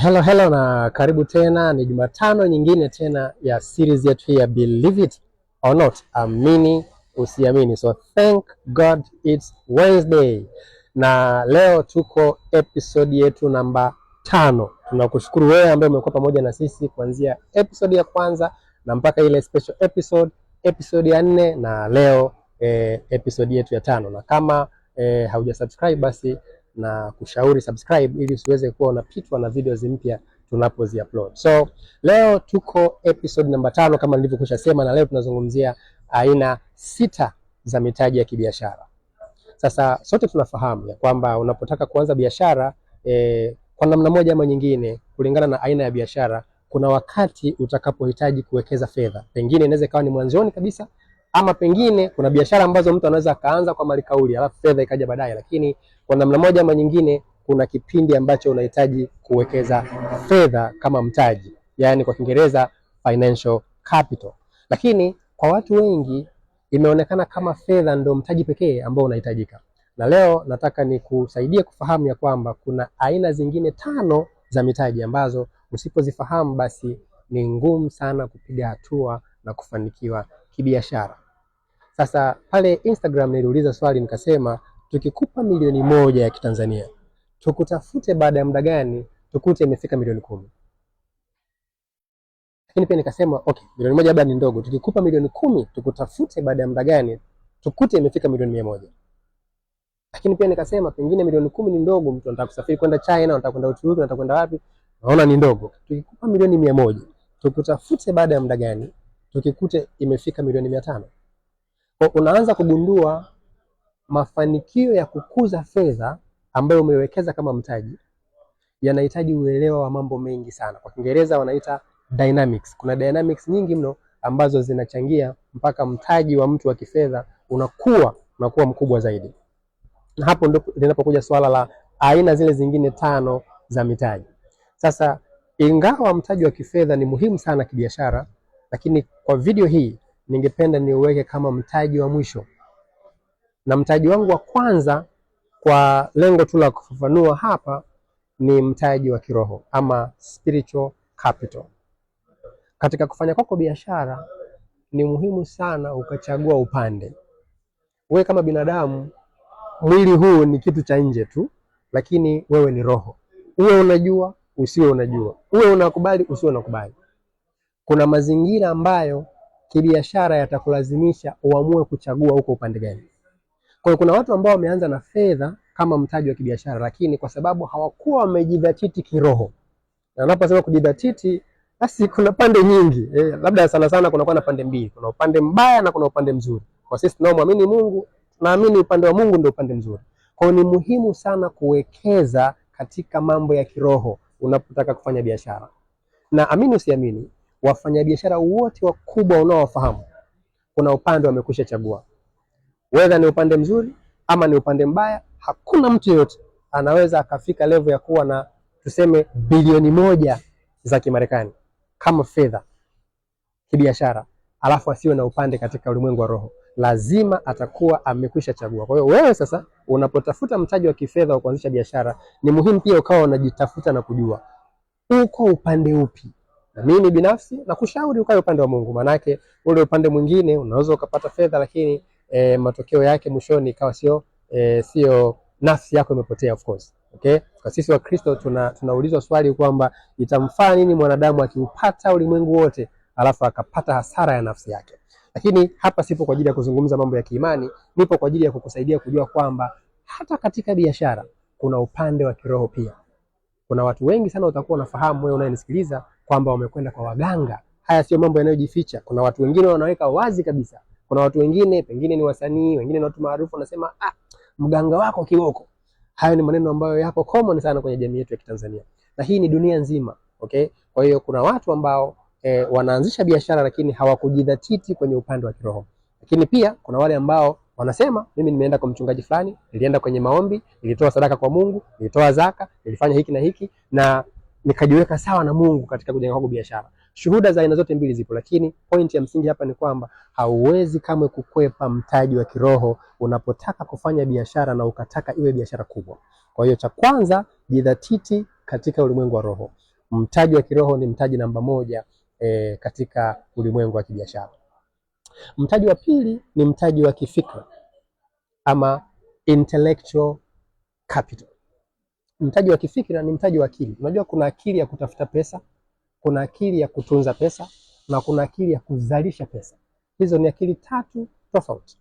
Hello, hello na karibu tena, ni Jumatano nyingine tena ya series yetu ya Believe It or Not, amini usiamini. So thank God it's Wednesday, na leo tuko episode yetu namba tano. Tunakushukuru wewe ambaye umekuwa pamoja na sisi kuanzia episode ya kwanza na mpaka ile special episode, episode ya nne na leo eh, episode yetu ya tano, na kama eh, subscribe basi na kushauri subscribe, ili usiweze kuwa unapitwa na videos mpya tunapozi upload. So leo tuko episode namba tano kama nilivyokusha sema, na leo tunazungumzia aina sita za mitaji ya kibiashara. Sasa sote tunafahamu ya kwamba unapotaka kuanza biashara e, kwa namna moja ama nyingine, kulingana na aina ya biashara, kuna wakati utakapohitaji kuwekeza fedha. Pengine inaweza ikawa ni mwanzoni kabisa, ama pengine kuna biashara ambazo mtu anaweza akaanza kwa mali kauli, alafu fedha ikaja baadaye, lakini kwa namna moja ama nyingine, kuna kipindi ambacho unahitaji kuwekeza fedha kama mtaji, yaani kwa Kiingereza financial capital. Lakini kwa watu wengi imeonekana kama fedha ndio mtaji pekee ambao unahitajika, na leo nataka ni kusaidia kufahamu ya kwamba kuna aina zingine tano za mitaji ambazo usipozifahamu basi ni ngumu sana kupiga hatua na kufanikiwa kibiashara. Sasa pale Instagram niliuliza swali nikasema tukikupa milioni moja ya Kitanzania tukutafute baada ya muda gani tukute imefika milioni kumi. Lakini pia nikasema okay, milioni moja labda ni ndogo, tukikupa milioni kumi tukutafute baada ya muda gani tukute imefika milioni mia moja. Lakini pia nikasema pengine milioni kumi ni ndogo, mtu anataka kusafiri kwenda China, anataka kwenda Uturuki, anataka kwenda wapi, naona ni ndogo. Tukikupa milioni mia moja tukutafute baada ya muda gani tukikute imefika milioni mia tano. Kwa unaanza kugundua mafanikio ya kukuza fedha ambayo umewekeza kama mtaji yanahitaji uelewa wa mambo mengi sana. Kwa Kiingereza wanaita dynamics. Kuna dynamics nyingi mno ambazo zinachangia mpaka mtaji wa mtu wa kifedha unakuwa unakuwa mkubwa zaidi, na hapo ndipo linapokuja swala la aina zile zingine tano za mitaji. Sasa ingawa mtaji wa kifedha ni muhimu sana kibiashara, lakini kwa video hii ningependa niuweke kama mtaji wa mwisho na mtaji wangu wa kwanza kwa lengo tu la kufafanua hapa ni mtaji wa kiroho ama spiritual capital. Katika kufanya kwako biashara ni muhimu sana ukachagua upande. Wewe kama binadamu, mwili huu ni kitu cha nje tu, lakini wewe ni roho. Uwe unajua usiwe unajua, uwe unakubali usiwe unakubali, kuna mazingira ambayo kibiashara yatakulazimisha uamue kuchagua uko upande gani. Kwa hiyo kuna watu ambao wameanza na fedha kama mtaji wa kibiashara, lakini kwa sababu hawakuwa wamejidhatiti kiroho, na unaposema kujidhatiti, basi kuna pande nyingi eh, labda sana sana kunakuwa na pande mbili, kuna upande mbaya na kuna upande mzuri. Kwa sisi tunaomwamini Mungu, naamini upande wa Mungu ndio upande mzuri. Kwa hiyo ni muhimu sana kuwekeza katika mambo ya kiroho unapotaka kufanya biashara, na amini usiamini, wafanyabiashara wote wakubwa unaowafahamu kuna upande wamekwisha chagua. Whether ni upande mzuri ama ni upande mbaya, hakuna mtu yeyote anaweza akafika level ya kuwa na tuseme bilioni moja za Kimarekani kama fedha kibiashara, alafu asiwe na upande katika ulimwengu wa roho, lazima atakuwa amekwisha chagua. Kwa hiyo wewe sasa unapotafuta mtaji wa kifedha wa kuanzisha biashara, ni muhimu pia ukawa unajitafuta na kujua uko upande upi. Na mimi binafsi nakushauri ukae upande wa Mungu, maanake ule upande mwingine unaweza ukapata fedha, lakini e, matokeo yake mwishoni ikawa sio e, sio nafsi yako imepotea of course. Okay? Kwa sisi wa Kristo tuna tunaulizwa swali kwamba itamfaa nini mwanadamu akiupata ulimwengu wote alafu akapata hasara ya nafsi yake. Lakini hapa sipo kwa ajili ya kuzungumza mambo ya kiimani, nipo kwa ajili ya kukusaidia kujua kwamba hata katika biashara kuna upande wa kiroho pia. Kuna watu wengi sana utakuwa unafahamu wewe unayenisikiliza kwamba wamekwenda kwa waganga. Haya sio mambo yanayojificha. Kuna watu wengine wanaweka wazi kabisa kuna watu wengine pengine ni wasanii, wengine ni watu maarufu, wanasema ah, mganga wako kiboko. Hayo ni maneno ambayo yako common sana kwenye jamii yetu ya Kitanzania, na hii ni dunia nzima okay. Kwa hiyo kuna watu ambao eh, wanaanzisha biashara lakini hawakujidhatiti kwenye upande wa kiroho, lakini pia kuna wale ambao wanasema mimi nimeenda kwa mchungaji fulani, nilienda kwenye maombi, nilitoa sadaka kwa Mungu, nilitoa zaka, nilifanya hiki na hiki na nikajiweka sawa na Mungu katika kujenga kwangu biashara. Shuhuda za aina zote mbili zipo, lakini pointi ya msingi hapa ni kwamba hauwezi kamwe kukwepa mtaji wa kiroho unapotaka kufanya biashara na ukataka iwe biashara kubwa. Kwa hiyo, cha kwanza jidhatiti katika ulimwengu wa roho. Mtaji wa kiroho ni mtaji namba moja e, katika ulimwengu wa kibiashara. Mtaji wa pili ni mtaji wa kifikra ama intellectual capital. Mtaji wa kifikra ni mtaji wa akili. Unajua kuna akili ya kutafuta pesa kuna akili ya kutunza pesa na kuna akili ya kuzalisha pesa. Hizo ni akili tatu tofauti,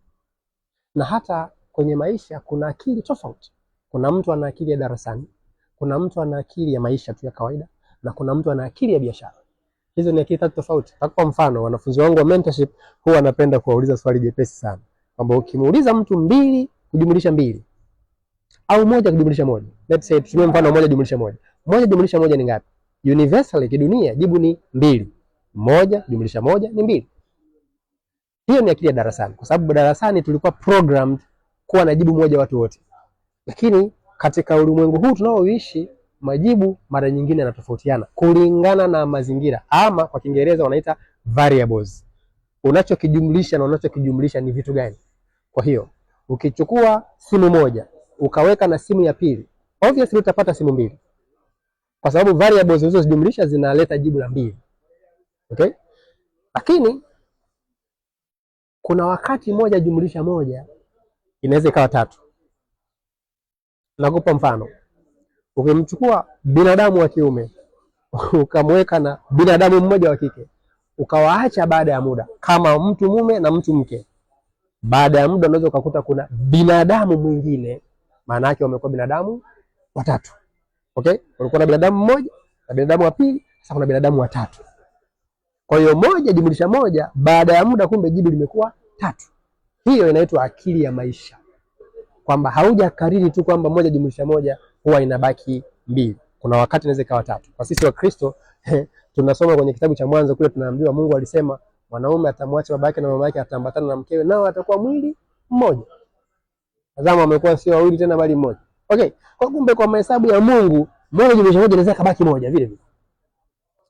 na hata kwenye maisha kuna akili tofauti. Kuna mtu ana akili ya darasani, kuna mtu ana akili ya maisha tu ya kawaida, na kuna mtu ana akili ya biashara. Hizo ni akili tatu tofauti. Kwa mfano, wanafunzi wangu wa mentorship huwa anapenda kuwauliza swali jepesi sana, kwamba ukimuuliza mtu mbili kujumlisha mbili au moja kujumlisha moja, let's say tutumie mfano moja jumlisha moja, moja jumlisha moja ni ngapi? universally kidunia jibu ni mbili. Moja jumlisha moja ni mbili. Hiyo ni akili ya darasani, kwa sababu darasani tulikuwa programmed kuwa na jibu moja watu wote, lakini katika ulimwengu huu tunaoishi majibu mara nyingine yanatofautiana kulingana na mazingira, ama kwa Kiingereza wanaita variables. Unachokijumlisha na unachokijumlisha ni vitu gani? Kwa hiyo ukichukua simu moja ukaweka na simu ya pili, obviously utapata simu mbili kwa sababu variables hizo zijumlisha zinaleta jibu la mbili. Okay? Lakini kuna wakati moja jumlisha moja inaweza ikawa tatu. Nakupa mfano, ukimchukua binadamu wa kiume ukamweka na binadamu mmoja wa kike ukawaacha baada ya muda, kama mtu mume na mtu mke, baada ya muda unaweza ukakuta kuna binadamu mwingine, maana yake wamekuwa binadamu watatu. Okay? Kulikuwa na binadamu mmoja na binadamu wa pili, sasa kuna binadamu wa tatu. Kwa hiyo moja jumlisha moja, baada ya muda, kumbe jibu limekuwa tatu. Hiyo inaitwa akili ya maisha, kwamba haujakariri tu kwamba moja jumlisha moja huwa inabaki mbili, kuna wakati inaweza ikawa tatu. Kwa sisi Wakristo tunasoma kwenye kitabu cha Mwanzo kule, tunaambiwa Mungu alisema mwanaume atamwacha baba yake na mama yake, ataambatana na mkewe, nao atakuwa mwili mmoja. Tazama, wamekuwa sio wawili tena, bali mmoja. Okay, kwa kumbe kwa mahesabu ya Mungu, moja jumlisha moja inaweza kabaki moja vile vile.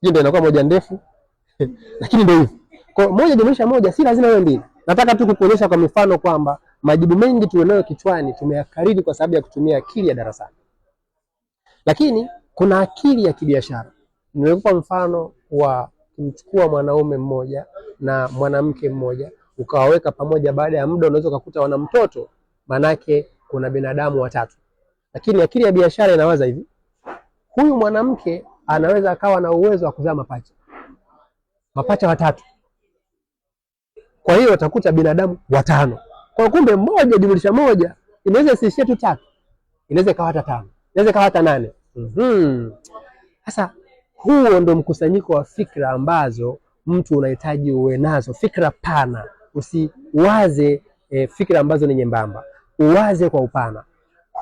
Hiyo ndio inakuwa moja ndefu. Lakini ndio hivyo. Kwa moja jumlisha moja si lazima iwe mbili. Nataka tu kukuonyesha kwa mifano kwamba majibu mengi tulionayo kichwani tumeyakariri kwa sababu ya kutumia akili ya darasani. Lakini kuna akili ya kibiashara. Nimekupa mfano wa kumchukua mwanaume mmoja na mwanamke mmoja ukawaweka pamoja, baada ya muda unaweza ukakuta wana mtoto, manake kuna binadamu watatu. Lakini akili ya biashara inawaza hivi, huyu mwanamke anaweza akawa na uwezo wa kuzaa mapacha, mapacha watatu, kwa hiyo watakuta binadamu watano. Kwa kumbe moja jumlisha moja inaweza isiishie tu tatu, inaweza ikawa hata tano, inaweza ikawa hata nane. Mhm. Sasa mm Huo ndo mkusanyiko wa fikra ambazo mtu unahitaji uwe nazo, fikra pana. Usiwaze e, fikra ambazo ni nyembamba, uwaze kwa upana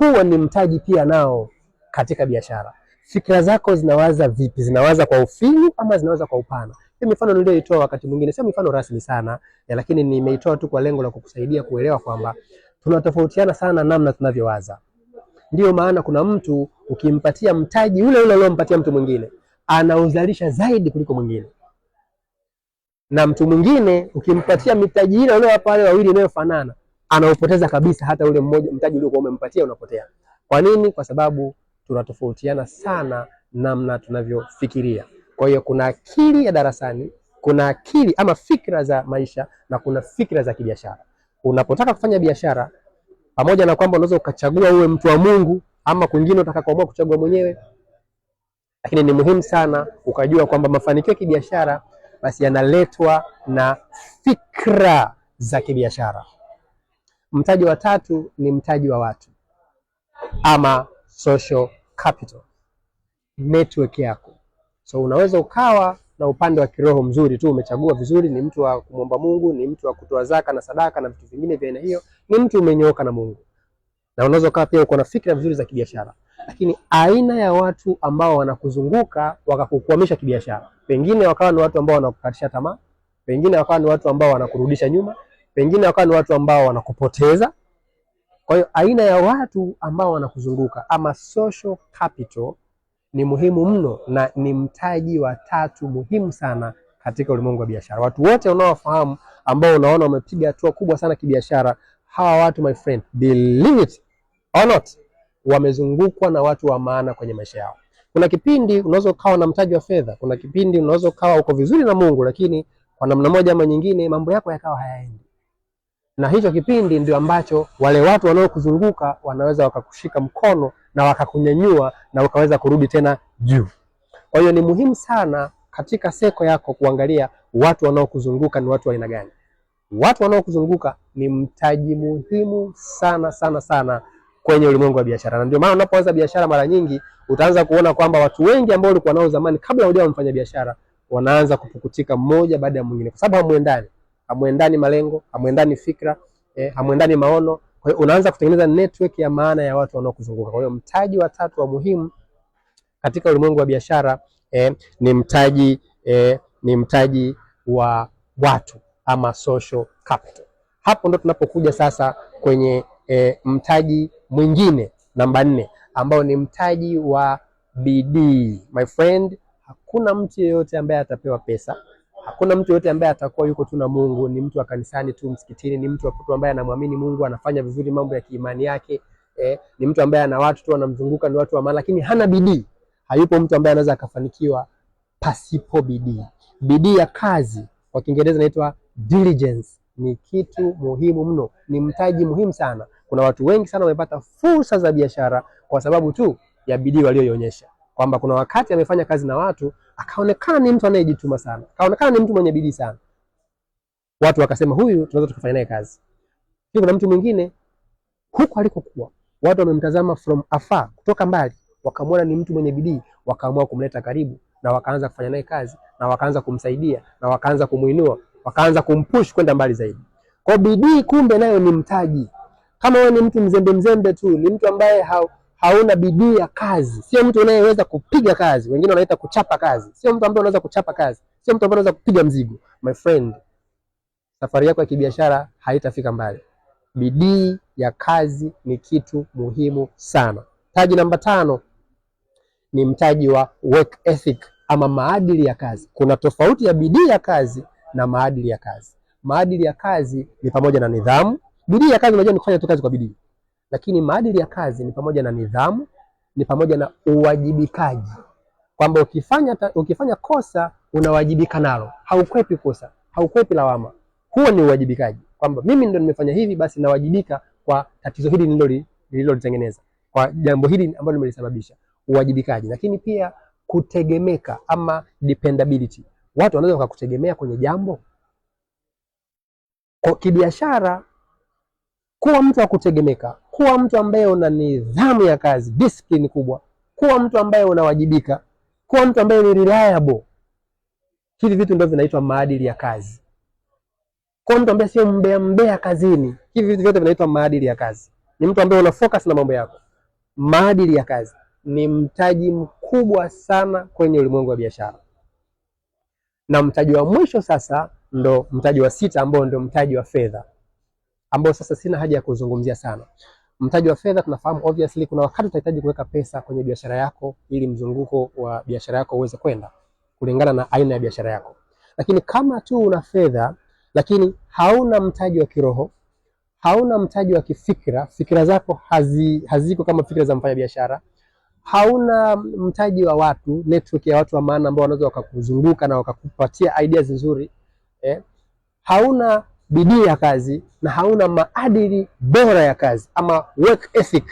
huwa ni mtaji pia nao katika biashara. Fikra zako zinawaza vipi? Zinawaza kwa ufinyu ama zinawaza kwa upana? Hiyo mifano niliyoitoa wakati mwingine sio mifano rasmi sana ya, lakini nimeitoa tu kwa lengo la kukusaidia kuelewa kwamba tunatofautiana sana namna tunavyowaza. Ndiyo maana kuna mtu ukimpatia mtaji ule ule uliompatia mtu mwingine anauzalisha zaidi kuliko mwingine, na mtu mwingine ukimpatia mitaji ile ile pale wawili inayofanana anaupoteza kabisa, hata ule mmoja mtaji uliokuwa umempatia unapotea. Kwa nini? Kwa sababu tunatofautiana sana namna tunavyofikiria. Kwa hiyo kuna akili ya darasani, kuna akili ama fikra za maisha na kuna fikra za kibiashara. Unapotaka kufanya biashara, pamoja na kwamba unaweza ukachagua uwe mtu wa Mungu ama kwingine utakaoamua kuchagua mwenyewe, lakini ni muhimu sana ukajua kwamba mafanikio ya kibiashara basi yanaletwa na fikra za kibiashara. Mtaji wa tatu ni mtaji wa watu ama social capital, network yako. So unaweza ukawa na upande wa kiroho mzuri tu, umechagua vizuri, ni mtu wa kumwomba Mungu, ni mtu wa kutoa zaka na sadaka na vitu vingine vya aina hiyo, ni mtu umenyooka na Mungu, na unaweza ukawa pia uko na fikra vizuri za kibiashara, lakini aina ya watu ambao wanakuzunguka wakakukwamisha kibiashara, pengine wakawa ni watu ambao wanakukatisha tamaa, pengine wakawa ni watu ambao wanakurudisha nyuma pengine wakawa ni watu ambao wanakupoteza. Kwa hiyo aina ya watu ambao wanakuzunguka ama social capital ni muhimu mno na ni mtaji wa tatu muhimu sana katika ulimwengu wa biashara. Watu wote unaowafahamu ambao unaona wamepiga hatua kubwa sana kibiashara, hawa watu my friend, believe it or not, wamezungukwa na watu wa maana kwenye maisha yao. Kuna kipindi unaweza ukawa na mtaji wa fedha, kuna kipindi unaweza ukawa uko vizuri na Mungu, lakini kwa namna moja ama nyingine mambo yako yakawa hayaendi na hicho kipindi ndio ambacho wale watu wanaokuzunguka wanaweza wakakushika mkono na wakakunyanyua na ukaweza kurudi tena juu. Kwa hiyo ni muhimu sana katika seko yako kuangalia watu wanaokuzunguka ni watu wa aina gani. Watu wanaokuzunguka ni mtaji muhimu sana sana sana kwenye ulimwengu wa biashara, na ndio maana unapoanza biashara, mara nyingi utaanza kuona kwamba watu wengi ambao ulikuwa nao zamani kabla hujawa mfanya biashara wanaanza kupukutika mmoja baada ya mwingine, kwa sababu hamuendani hamwendani malengo, hamwendani fikra eh, hamwendani maono. Kwa hiyo unaanza kutengeneza network ya maana ya watu wanaokuzunguka. Kwa hiyo mtaji wa tatu wa muhimu katika ulimwengu wa biashara eh, ni mtaji eh, ni mtaji wa watu ama social capital. Hapo ndo tunapokuja sasa kwenye eh, mtaji mwingine namba nne ambao ni mtaji wa bidii. My friend, hakuna mtu yeyote ambaye atapewa pesa Hakuna mtu yote ambaye atakuwa yuko tu na Mungu, ni mtu wa kanisani tu, msikitini, ni mtu ambaye anamwamini Mungu, anafanya vizuri mambo ya kiimani yake eh, ni mtu ambaye ana watu tu wanamzunguka, ni watu wa maana, lakini hana bidii. Hayupo mtu ambaye anaweza akafanikiwa pasipo bidii. Bidii ya kazi kwa Kiingereza inaitwa diligence, ni kitu muhimu mno, ni mtaji muhimu sana. Kuna watu wengi sana wamepata fursa za biashara kwa sababu tu ya bidii walioionyesha kwamba kuna wakati amefanya kazi na watu akaonekana ni mtu anayejituma sana, akaonekana ni mtu mwenye bidii sana, watu wakasema huyu tunaweza tukafanya naye kazi. Pia kuna mtu mwingine huko alikokuwa watu wamemtazama from afar, kutoka mbali, wakamwona ni mtu mwenye bidii, wakaamua kumleta karibu na wakaanza kufanya naye kazi na wakaanza kumsaidia na wakaanza kumuinua, wakaanza kumpush kwenda mbali zaidi. Kwa bidii kumbe nayo ni mtaji. Kama wewe ni mtu mzembe mzembe tu, ni mtu ambaye hau hauna bidii ya kazi, sio mtu unayeweza kupiga kazi. Wengine wanaita kuchapa kazi, sio mtu ambaye unaweza kuchapa kazi, sio mtu ambaye unaweza kupiga mzigo. My friend, safari yako ya kibiashara haitafika mbali. Bidii ya kazi ni kitu muhimu sana. Taji namba tano ni mtaji wa work ethic ama maadili ya kazi. Kuna tofauti ya bidii ya kazi na maadili ya kazi. Maadili ya kazi ni pamoja na nidhamu. Bidii ya kazi, unajua ni kufanya tu kazi kwa bidii. Lakini maadili ya kazi ni pamoja na nidhamu, ni pamoja na uwajibikaji, kwamba ukifanya, ukifanya kosa unawajibika nalo, haukwepi kosa, haukwepi lawama. Huo ni uwajibikaji, kwamba mimi ndo nimefanya hivi, basi nawajibika kwa tatizo hili nililolitengeneza, kwa jambo hili ambalo nimelisababisha. Uwajibikaji, lakini pia kutegemeka ama dependability. Watu wanaweza wakakutegemea kwenye jambo. Kwa kibiashara kuwa mtu wa kutegemeka, kuwa mtu ambaye una nidhamu ya kazi, discipline kubwa, kuwa mtu ambaye unawajibika, kuwa mtu ambaye ni reliable. Hivi vitu ndio vinaitwa maadili ya kazi. Kuwa mtu ambaye sio mbea mbea kazini, hivi vitu vyote vinaitwa maadili ya kazi. Ni mtu ambaye una focus na mambo yako. Maadili ya kazi ni mtaji mkubwa sana kwenye ulimwengu wa biashara, na mtaji wa mwisho sasa ndo mtaji wa sita, ambao ndio mtaji wa fedha ambayo sasa sina haja ya kuzungumzia sana. Mtaji wa fedha tunafahamu obviously, kuna wakati utahitaji kuweka pesa kwenye biashara yako ili mzunguko wa biashara yako uweze kwenda kulingana na aina ya biashara yako. Lakini kama tu una fedha lakini hauna mtaji wa kiroho, hauna mtaji wa kifikra, fikra zako hazi, haziko kama fikra za mfanyabiashara, hauna mtaji wa watu, network ya watu wa maana ambao wanaweza wakakuzunguka na wakakupatia ideas nzuri eh, hauna bidii ya kazi na hauna maadili bora ya kazi ama work ethic,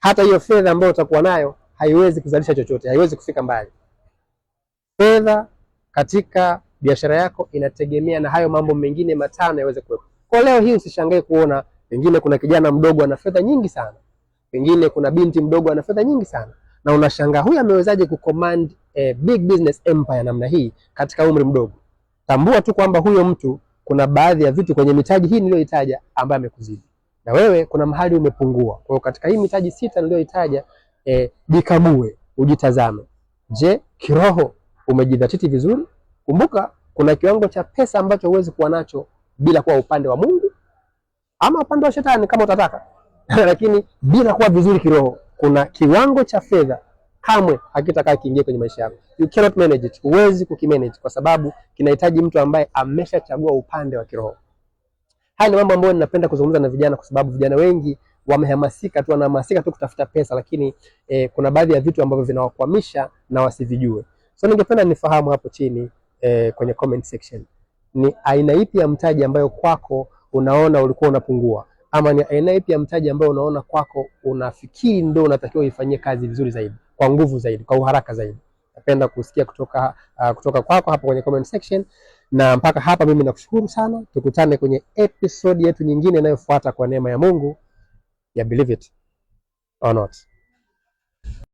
hata hiyo fedha ambayo utakuwa nayo haiwezi kuzalisha chochote, haiwezi kufika mbali. Fedha katika biashara yako inategemea na hayo mambo mengine matano yaweze kuwepo. Kwa leo hii usishangae kuona pengine kuna kijana mdogo ana fedha nyingi sana, pengine kuna binti mdogo ana fedha nyingi sana, na unashangaa huyu amewezaje kucommand a big business empire namna hii katika umri mdogo. Tambua tu kwamba huyo mtu kuna baadhi ya vitu kwenye mitaji hii niliyoitaja ambayo amekuzidi na wewe, kuna mahali umepungua. Kwa hiyo katika hii mitaji sita niliyoitaja, eh, jikague, ujitazame. Je, kiroho umejidhatiti vizuri? Kumbuka kuna kiwango cha pesa ambacho huwezi kuwa nacho bila kuwa upande wa Mungu ama upande wa shetani kama utataka, lakini bila kuwa vizuri kiroho, kuna kiwango cha fedha kamwe hakitakaa kiingie kwenye maisha yako. You cannot manage it. Huwezi kukimanage kwa sababu kinahitaji mtu ambaye ameshachagua upande wa kiroho. Haya ni mambo ambayo ninapenda kuzungumza na vijana kwa sababu vijana wengi wamehamasika tu, wanahamasika tu kutafuta pesa, lakini eh, kuna baadhi ya vitu ambavyo vinawakwamisha na wasivijue. So ningependa nifahamu hapo chini eh, kwenye comment section, ni aina ipi ya mtaji ambayo kwako unaona ulikuwa unapungua? ama ni aina ipi ya mtaji ambayo unaona kwako unafikiri ndio unatakiwa ifanyie kazi vizuri zaidi, kwa nguvu zaidi, kwa uharaka zaidi? Napenda kusikia kutoka uh, kutoka kwako hapo kwenye comment section, na mpaka hapa mimi nakushukuru sana. Tukutane kwenye episode yetu nyingine inayofuata kwa neema ya Mungu ya Believe It or Not.